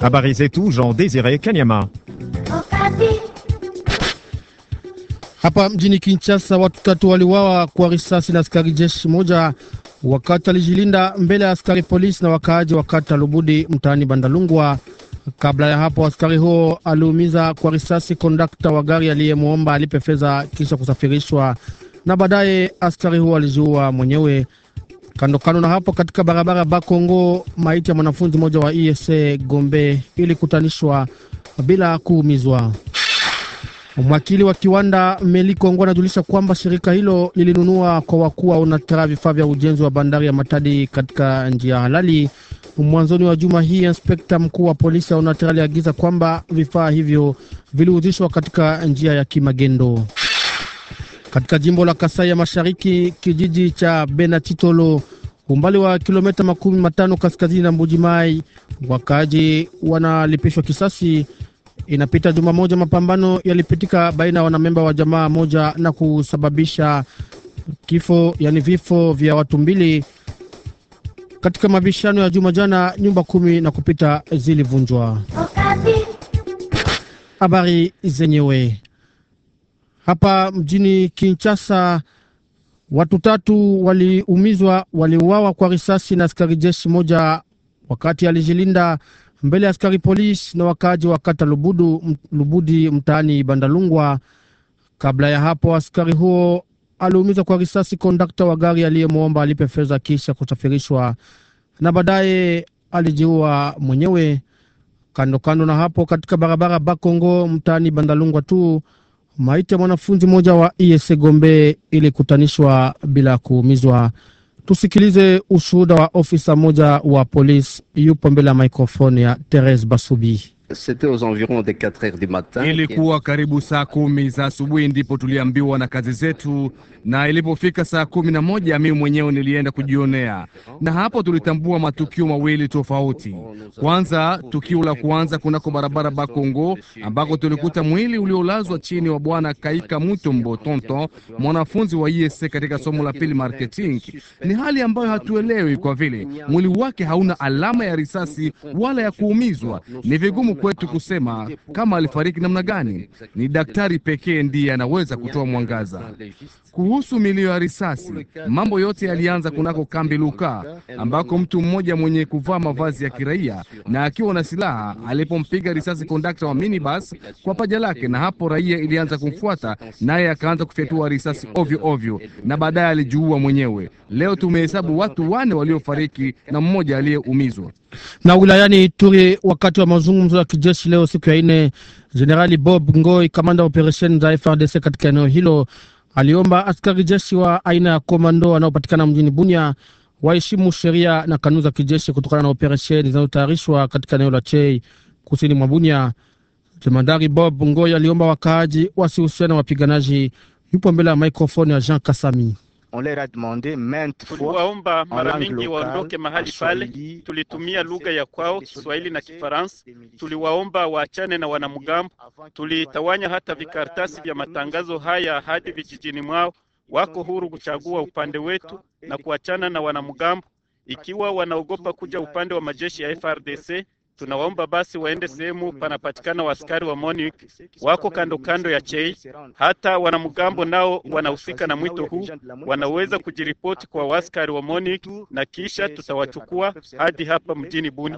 Habari zetu Jean Desire Kanyama. Hapa mjini Kinshasa watu tatu waliwawa kwa risasi na askari jeshi moja wakati alijilinda mbele ya askari polisi na wakaaji wakati alubudi mtaani Bandalungwa. Kabla ya hapo, askari huo aliumiza kwa risasi kondakta wa gari aliyemwomba alipe fedha kisha kusafirishwa, na baadaye askari huo alijiua mwenyewe. Kando kando na hapo, katika barabara Bakongo, maiti ya mwanafunzi mmoja wa ESA Gombe ilikutanishwa bila kuumizwa. Mwakili wa kiwanda meli Kongo anajulisha kwamba shirika hilo lilinunua kwa wakuu wa Onatra vifaa vya ujenzi wa bandari ya Matadi katika njia halali. Mwanzoni wa juma hii, inspekta mkuu wa polisi ya Onatra aliagiza kwamba vifaa hivyo viliuzishwa katika njia ya kimagendo. Katika jimbo la Kasai ya Mashariki, kijiji cha Benatitolo umbali wa kilomita makumi matano kaskazini na Mbuji Mai. Wakaaji wanalipishwa kisasi. Inapita juma moja mapambano yalipitika baina ya wanamemba wa jamaa moja na kusababisha kifo, yani vifo vya watu mbili katika mabishano ya juma jana. Nyumba kumi na kupita zilivunjwa. Habari zenyewe hapa mjini Kinshasa Watu tatu waliumizwa, waliuawa kwa risasi na askari jeshi moja wakati alijilinda mbele ya askari polisi na wakaaji wa kata Lubudu, Lubudi mtaani Bandalungwa. Kabla ya hapo, askari huo aliumizwa kwa risasi kondakta wa gari aliyemwomba alipe fedha kisha kusafirishwa na baadaye alijiua mwenyewe. Kando kando na hapo, katika barabara Bakongo mtaani Bandalungwa tu Maiti ya mwanafunzi mmoja wa ESE Gombe ilikutanishwa bila kuumizwa. Tusikilize ushuhuda wa ofisa mmoja wa polisi, yupo mbele ya microfone ya Therese Basubi. C'était aux environs 4 du matin. Ilikuwa karibu saa kumi za asubuhi ndipo tuliambiwa na kazi zetu, na ilipofika saa kumi na moja mimi mwenyewe nilienda kujionea, na hapo tulitambua matukio mawili tofauti. Kwanza, tukio la kwanza kunako barabara Bakongo ambako tulikuta mwili uliolazwa chini wa bwana Kaika Mutombo Tonto, mwanafunzi wa ISE katika somo la pili marketing. Ni hali ambayo hatuelewi kwa vile mwili wake hauna alama ya risasi wala ya kuumizwa, ni vigumu kwetu kusema kama alifariki namna gani. Ni daktari pekee ndiye anaweza kutoa mwangaza. Kuhusu milio ya risasi, mambo yote yalianza kunako kambi Luka, ambako mtu mmoja mwenye kuvaa mavazi ya kiraia na akiwa na silaha alipompiga risasi kondakta wa minibus kwa paja lake, na hapo raia ilianza kumfuata naye akaanza kufyatua risasi ovyo ovyo, na baadaye alijiua mwenyewe. Leo tumehesabu watu wane waliofariki na mmoja aliyeumizwa. Na wilayani Ituri, wakati wa mazungumzo ya kijeshi leo siku ya ine, Jenerali Bob Ngoi, kamanda wa operesheni za FRDC katika eneo hilo aliomba askari jeshi wa aina ya komando wanaopatikana mjini Bunya waheshimu sheria na kanuni za kijeshi kutokana na operesheni zinazotayarishwa katika eneo la Chei kusini mwa Bunya. Jemandari Bob Ngoi aliomba wakaaji wasihusiana na wapiganaji. Yupo mbele ya mikrofoni ya Jean Kasami on leur a demandé maintes fois, tuliwaomba mara mingi waondoke mahali pale. Tulitumia lugha ya kwao Kiswahili na Kifaransa, tuliwaomba waachane na wanamgambo, tulitawanya hata vikaratasi vya matangazo haya hadi vijijini mwao. Wako huru kuchagua upande wetu na kuachana na wanamgambo, ikiwa wanaogopa kuja upande wa majeshi ya FRDC tunawaomba basi waende sehemu panapatikana waaskari wa MONUC wako kando kando ya Chei. Hata wanamgambo nao wanahusika na mwito huu, wanaweza kujiripoti kwa waaskari wa MONUC na kisha tutawachukua hadi hapa mjini Buni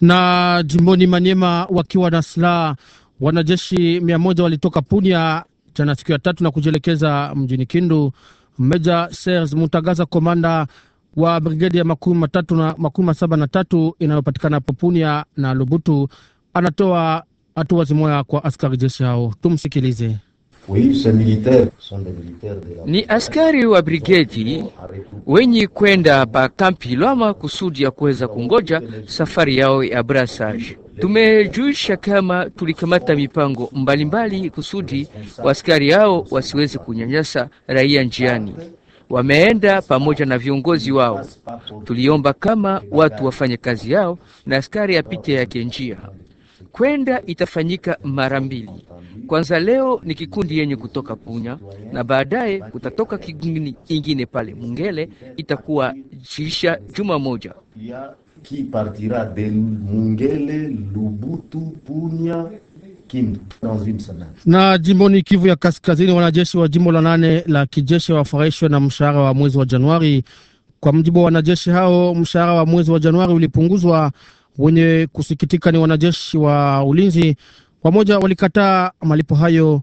na jimboni manyema wakiwa na silaha. Wanajeshi mia moja walitoka Punia jana siku ya tatu na kujielekeza mjini Kindu. Meja Serge Mutagaza, komanda wa brigedi ya makumi saba na tatu inayopatikana Popunia na Lubutu anatoa hatua zimoya kwa askari jeshi hao. Tumsikilize. Ni askari wa brigedi wenye kwenda bakampi Lwama kusudi ya kuweza kungoja safari yao ya brassage. Tumejuisha kama tulikamata mipango mbalimbali kusudi waskari hao wasiweze kunyanyasa raia njiani wameenda pamoja na viongozi wao. Tuliomba kama watu wafanye kazi yao na askari apite yake njia kwenda. Itafanyika mara mbili, kwanza leo ni kikundi yenye kutoka Punya na baadaye kutatoka kikundi ingine pale Mungele. Itakuwa jisha juma moja ki partira de Mungele Lubutu Punya na jimboni Kivu ya Kaskazini, wanajeshi wa jimbo la nane la kijeshi wafurahishwe na mshahara wa mwezi wa Januari. Kwa mjibu wa wanajeshi hao, mshahara wa mwezi wa Januari ulipunguzwa. Wenye kusikitika ni wanajeshi wa ulinzi, wamoja walikataa malipo hayo.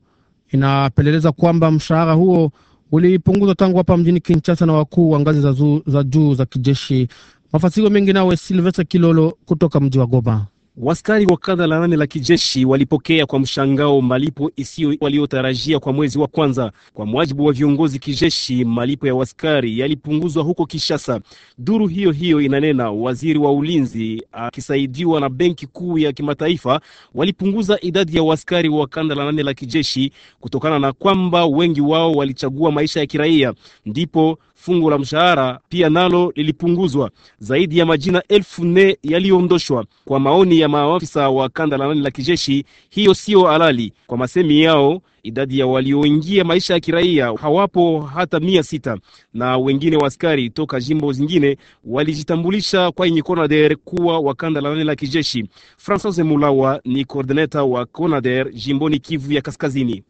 Inapeleleza kwamba mshahara huo ulipunguzwa tangu hapa mjini Kinshasa na wakuu wa ngazi za, za juu za kijeshi. Mafasiro mengi nawe Silvestre Kilolo kutoka mji wa Goma. Waskari wa kadha la nane la kijeshi walipokea kwa mshangao malipo isiyo waliotarajia kwa mwezi wa kwanza. Kwa mwajibu wa viongozi kijeshi, malipo ya waskari yalipunguzwa huko Kishasa. Duru hiyo hiyo inanena waziri wa ulinzi akisaidiwa na Benki Kuu ya Kimataifa walipunguza idadi ya waskari wa kanda la nane la kijeshi kutokana na kwamba wengi wao walichagua maisha ya kiraia ndipo fungo la mshahara pia nalo lilipunguzwa. Zaidi ya majina elfu nne yaliyoondoshwa. Kwa maoni ya maafisa wa kanda la nane la kijeshi, hiyo siyo halali. Kwa masemi yao Idadi ya walioingia maisha ya kiraia hawapo hata mia sita, na wengine wa askari toka jimbo zingine walijitambulisha kwa yenye CONADER kuwa wa kanda la nane la kijeshi. Francois Mulawa ni koordineta wa CONADER jimboni Kivu ya Kaskazini.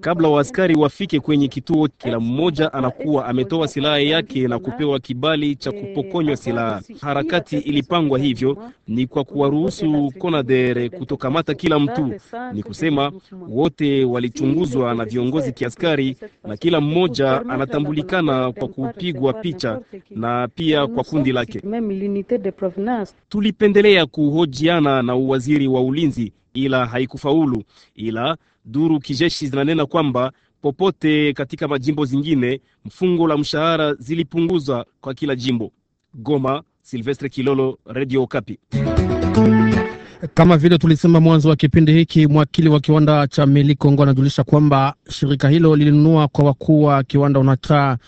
Kabla askari wafike kwenye kituo, kila mmoja anakuwa ametoa silaha yake na kupewa kibali cha kupokonywa silaha. Harakati ilipangwa hivyo ni kwa kuwaruhusu CONADER kutokamata kila mtu, ni kusema wote walichunguzwa na viongozi kiaskari, na kila mmoja anatambulikana kwa kupigwa picha na pia kwa kundi lake. Tulipendelea kuhojiana na uwaziri wa ulinzi, ila haikufaulu. Ila duru kijeshi zinanena kwamba popote katika majimbo zingine mfungo la mshahara zilipunguzwa kwa kila jimbo. Goma, Silvestre Kilolo, Radio Okapi. Kama vile tulisema mwanzo wa kipindi hiki, mwakili wa kiwanda cha meli Kongo anajulisha kwamba shirika hilo lilinunua kwa wakuu wa kiwanda Onatra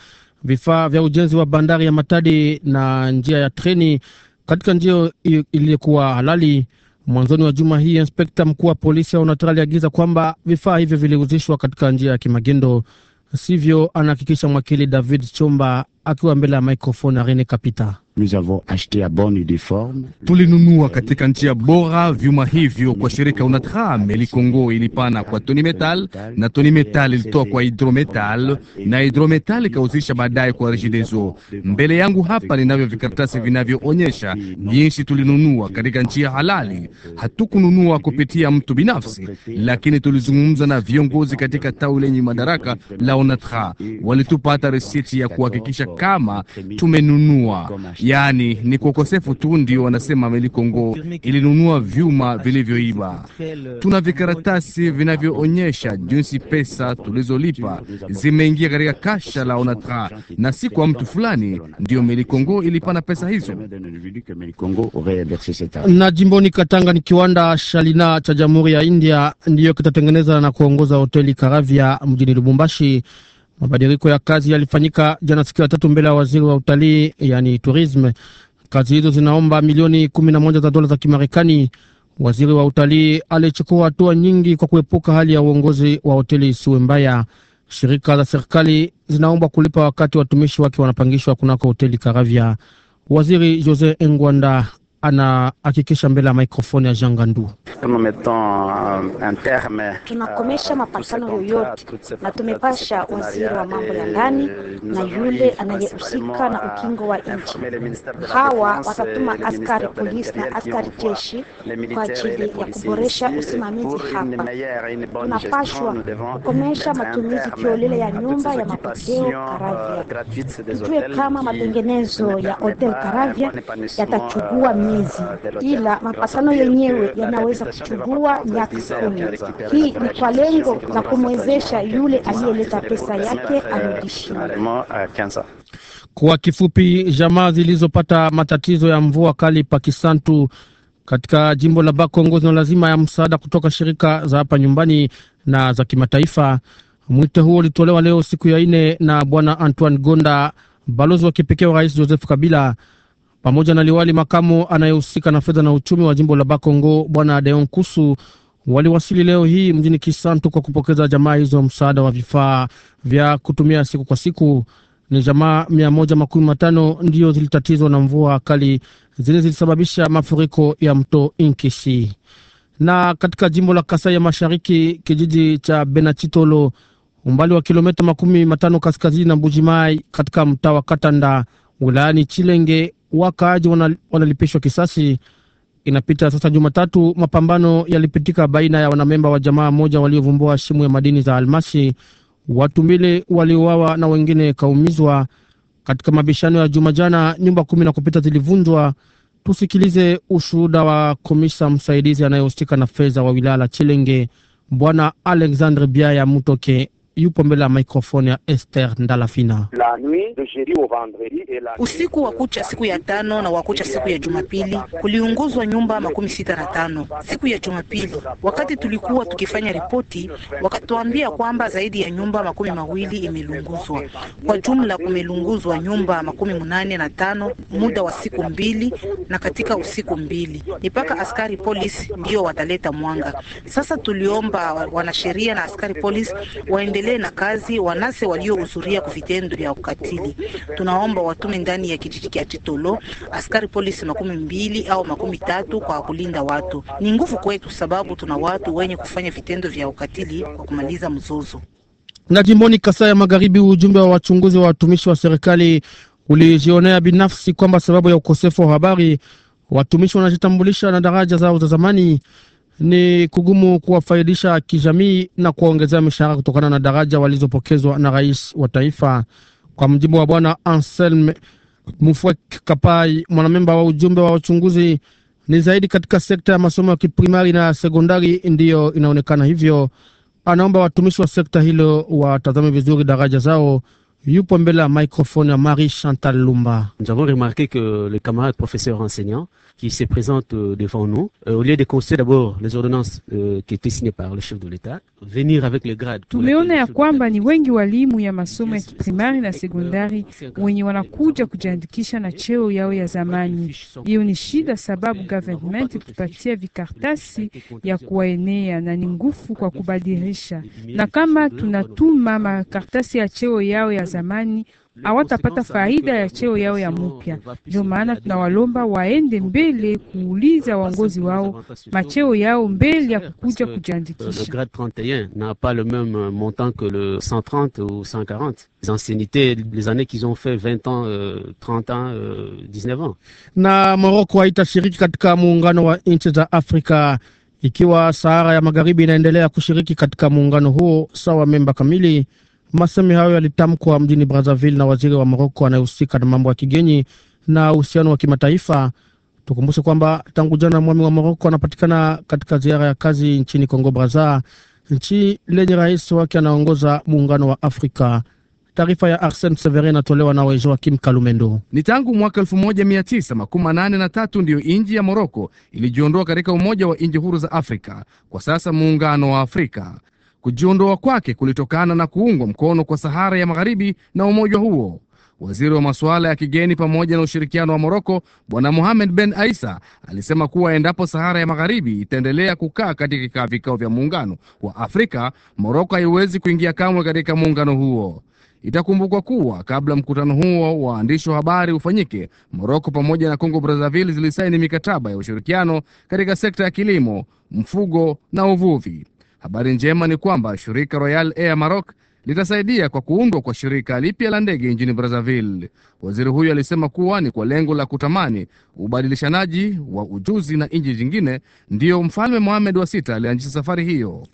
vifaa vya ujenzi wa bandari ya Matadi na njia ya treni katika njia iliyokuwa halali. Mwanzoni wa juma hii, inspekta mkuu wa polisi ya Onatra aliagiza kwamba vifaa hivyo viliuzishwa katika njia ya kimagendo, sivyo? Anahakikisha mwakili David Chomba akiwa mbele ya maikrofoni Arene Kapita. Tulinunua katika njia bora vyuma hivyo kwa shirika Unatram. Meli Kongo ilipana kwa Tony Metal na Tony Metal ilitoa kwa Hidrometal na Hidrometal ikahusisha baadaye kwa Regideso. Mbele yangu hapa ninavyo vikaratasi vinavyoonyesha jinsi tulinunua katika njia halali. Hatukununua kupitia mtu binafsi, lakini tulizungumza na viongozi katika tawi lenye madaraka la UNATRA. Walitupata resiti ya kuhakikisha kama tumenunua yaani ni kwa ukosefu tu ndio wanasema meli Kongo ilinunua vyuma vilivyoiba. Tuna vikaratasi vinavyoonyesha jinsi pesa tulizolipa zimeingia katika kasha la ONATRA na si kwa mtu fulani, ndiyo meli Kongo ilipana pesa hizo. Na jimboni Katanga ni kiwanda Shalina cha Jamhuri ya India ndiyo kitatengeneza na kuongoza hoteli Karavia mjini Lubumbashi. Mabadiliko ya kazi yalifanyika jana siku ya tatu mbele ya waziri wa utalii, yani tourisme. Kazi hizo zinaomba milioni kumi na moja za dola za Kimarekani. Waziri wa utalii alichukua hatua nyingi kwa kuepuka hali ya uongozi wa hoteli isiwe mbaya. Shirika za serikali zinaomba kulipa wakati watumishi wake wanapangishwa kunako hoteli Karavya. Waziri Jose Engwanda anahakikisha mbele ya mikrofoni ya Jean Gandu. Euh, euh, Tunakomesha mapatano yoyote na tumepasha waziri wa mambo ya ndani na yule anayehusika na ukingo wa nchi. Hawa watatuma askari polisi na askari jeshi kwa ajili ya kuboresha usimamizi hapa. Tunapashwa kukomesha matumizi kiolele ya nyumba ya mapokeo euh, Karavya. Tujue kama matengenezo ya hotel Karavya yatachugua miezi, ah, ila mapatano yenyewe yanaweza kuchugua miaka kumi. Hii ni kwa lengo la kumwezesha yule aliyeleta pesa yake arudishiwe. Eh, kwa kifupi, jamaa zilizopata matatizo ya mvua kali Pakisantu katika jimbo la Bakongo zina lazima ya msaada kutoka shirika za hapa nyumbani na za kimataifa. Mwito huo ulitolewa leo siku ya ine na Bwana Antoine Gonda, balozi wa kipekee wa Rais Joseph Kabila pamoja na liwali makamo anayehusika na fedha na uchumi wa jimbo la Bakongo Bwana Deon Kusu waliwasili leo hii mjini Kisantu kwa kupokeza jamaa hizo msaada wa vifaa vya kutumia siku kwa siku. Ni jamaa mia moja makumi matano ndio zilitatizwa na mvua kali zile zilisababisha mafuriko ya mto Inkisi. Na katika jimbo la Kasai ya Mashariki, kijiji cha Benachitolo umbali wa kilometa makumi matano kaskazini na Mbujimai katika mtaa wa Katanda wilayani Chilenge wakaaji wanalipishwa kisasi. Inapita sasa Jumatatu, mapambano yalipitika baina ya wanamemba wa jamaa moja waliovumbua shimu ya madini za almasi. Watu mbili waliuawa na wengine kaumizwa katika mabishano ya juma jana. Nyumba kumi na kupita zilivunjwa. Tusikilize ushuhuda wa komisa msaidizi anayehusika na fedha wa wilaya la Chilenge, Bwana Alexandre Biaya Mutoke yupo mbele ya mikrofoni ya Esther Ndalafina. Usiku wa kucha siku ya tano na wakucha siku ya Jumapili kuliunguzwa nyumba makumi sita na tano siku ya Jumapili. Wakati tulikuwa tukifanya ripoti, wakatuambia kwamba zaidi ya nyumba makumi mawili imelunguzwa. Kwa jumla kumelunguzwa nyumba makumi munane na tano muda wa siku mbili na katika usiku mbili, ni mpaka askari polisi ndio wataleta mwanga. Sasa tuliomba wanasheria na askari polisi waendelee waendelee na kazi wanase waliohudhuria kuvitendo vya ukatili. Tunaomba watume ndani ya kijiji cha Titolo askari polisi makumi mbili au makumi tatu kwa kulinda watu. Ni nguvu kwetu, sababu tuna watu wenye kufanya vitendo vya ukatili kwa kumaliza mzozo. Na jimboni Kasai ya Magharibi, ujumbe wa wachunguzi wa watumishi wa serikali ulijionea binafsi kwamba sababu ya ukosefu wa habari watumishi wanajitambulisha na daraja zao za zamani ni kugumu kuwafaidisha kijamii na kuwaongezea mishahara kutokana na daraja walizopokezwa na rais wa taifa. Kwa mjibu wa bwana Anselme Mufwek Kapai, mwanamemba wa ujumbe wa uchunguzi, ni zaidi katika sekta ya masomo ya kiprimari na sekondari ndiyo inaonekana hivyo. Anaomba watumishi wa sekta hilo watazame vizuri daraja zao Yupo mbele microphone à Marie Chantal Lumba. Nous avons remarqué que les camarades professeurs enseignants qui se présentent euh, devant nous, euh, au lieu de consulter d'abord les ordonnances euh, qui étaient signées par le chef de l'État, venir avec les grades. Tumeona ya kwamba ni wengi walimu ya masomo ya primari na sekondari wenye wanakuja kujiandikisha na cheo yao ya zamani. Hiyo ni shida, sababu eh, government kupatia vikartasi ya kuwaenea na ni nguvu kwa kubadilisha, na kama tunatuma makartasi ya cheo yao ya zamani hawatapata faida ya euh, cheo yao ya mpya. Ndio maana tunawalomba waende mbele euh, kuuliza waongozi wao macheo yao mbele ya kukuja kujiandikisha. n'a pas haitashiriki katika muungano wa nchi za Afrika ikiwa Sahara ya Magharibi inaendelea kushiriki katika muungano huo sawa memba kamili. Masemi hayo yalitamkwa mjini Brazzaville na waziri wa Moroko anayehusika na mambo ya kigeni na uhusiano wa kimataifa. Tukumbushe kwamba tangu jana mwami wa Moroko anapatikana katika ziara ya kazi nchini Kongo Braza, nchi lenye rais wake anaongoza muungano wa Afrika. Taarifa ya Arsen severi inatolewa na Kim Kalumendo. Ni tangu mwaka tatu ndiyo nji ya Moroko ilijiondoa katika Umoja wa nji Huru za Afrika, kwa sasa Muungano wa Afrika. Kujiondoa kwake kulitokana na kuungwa mkono kwa Sahara ya Magharibi na umoja huo. Waziri wa masuala ya kigeni pamoja na ushirikiano wa Moroko Bwana Mohamed Ben Aisa alisema kuwa endapo Sahara ya Magharibi itaendelea kukaa katika vikao vya muungano wa Afrika, Moroko haiwezi kuingia kamwe katika muungano huo. Itakumbukwa kuwa kabla mkutano huo wa waandishi wa habari ufanyike, Moroko pamoja na Kongo Brazzaville zilisaini mikataba ya ushirikiano katika sekta ya kilimo, mfugo na uvuvi. Habari njema ni kwamba shirika Royal Air Maroc litasaidia kwa kuundwa kwa shirika lipya la ndege nchini Brazzaville. Waziri huyo alisema kuwa ni kwa lengo la kutamani ubadilishanaji wa ujuzi na nchi zingine, ndiyo Mfalme Mohamed wa Sita alianzisha safari hiyo.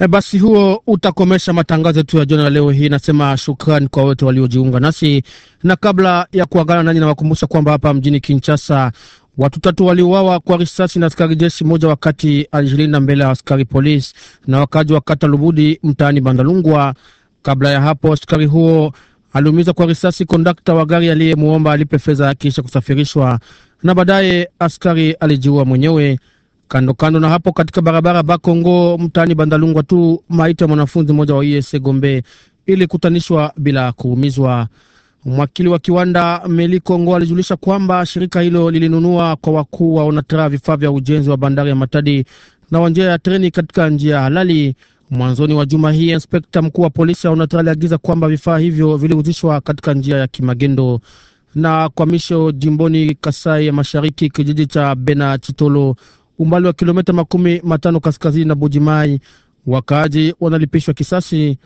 E, basi huo utakomesha matangazo yetu ya jona ya leo hii. Nasema shukrani kwa wote waliojiunga nasi, na kabla ya kuagana nanyi, nawakumbusha kwamba hapa mjini Kinshasa Watu tatu waliuawa kwa risasi na askari jeshi mmoja wakati alijilinda mbele ya askari polisi na wakaji wa kata Lubudi mtaani Bandalungwa. Kabla ya hapo, askari huo aliumiza kwa risasi kondakta wa gari aliyemwomba alipe fedha kisha kusafirishwa, na baadaye askari alijiua mwenyewe. Kando kando na hapo, katika barabara Bakongo mtaani Bandalungwa tu maiti ya mwanafunzi mmoja wa ISE Gombe ilikutanishwa bila kuumizwa. Mwakili wa kiwanda Kongo alijulisha kwamba shirika hilo lilinunua kwa wakuu wa Onatra vifaa vya ujenzi wa bandari ya Matadi na wa njia ya treni katika njia halali. Mwanzoni wa juma hii, inspekta mkuu wa polisi ya Onatra aliagiza kwamba vifaa hivyo vilihuzishwa katika njia ya kimagendo. Na kwa misho jimboni Kasai ya Mashariki, kijiji cha Bena Chitolo, umbali wa kilomita makumi matano kaskazini na Bujimai, wakaaji wanalipishwa kisasi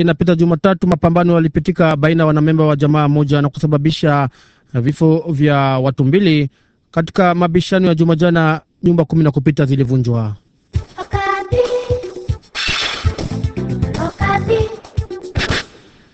inapita Jumatatu, mapambano yalipitika baina ya wanamemba wa jamaa moja na kusababisha eh, vifo vya watu mbili katika mabishano ya Jumajana. Nyumba kumi na kupita zilivunjwa.